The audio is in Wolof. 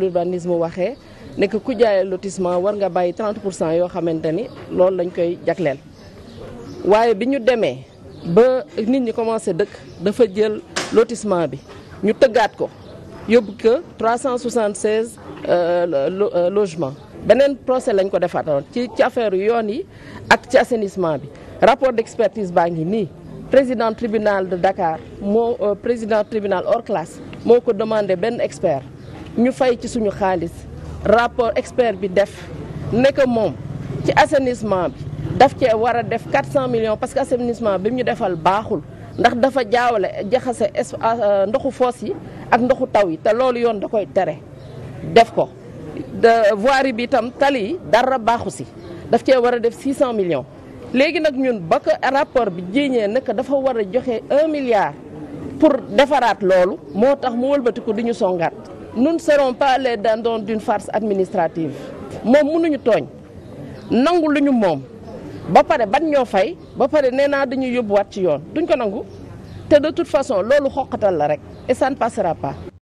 l'urbanisme waxee nekk ku jaayee lotissement war nga bàyyi 30 pour cent yoo xamante ni loolu lañ koy jagleel waaye bi ñu demee ba nit ñi commencé dëkk dafa jël lotissement bi ñu tëggaat ko yóbbu ko 376 euh, euh, logement beneen procès lañ ko defaatoon ci ci affaire yoon yi ak ci assainissement bi rapport d'expertise baa ngi nii président tribunal de dakaar moo euh, président tribunal hors classe moo ko demandé benn expert ñu fay ci suñu xaalis rapport expert bi def ne moom ci assainissement bi daf cee war a def 400 millions parce que assainissement bi ñu defal baaxul ndax dafa jaawale jaxase ndoxu foos yi ak ndoxu taw yi te loolu yoon da koy tere def ko de voirie bi itam tali yi dara baaxu si daf cee war a def 600 millions léegi nag ñun ba ko rapport bi jiiñee naka dafa war a joxe un milliard pour defaraat loolu moo tax mu wëlbatiku di ñu songaat nous ne serons pas les dindons d'une farce administrative moom mënuñu tooñ nangu lu ñu moom ba pare ban ñoo fay ba pare nee naa dañuy yóbbuwaat ci yoon duñ ko nangu te de toute façon loolu xoqatal la rek et ça ne passera pas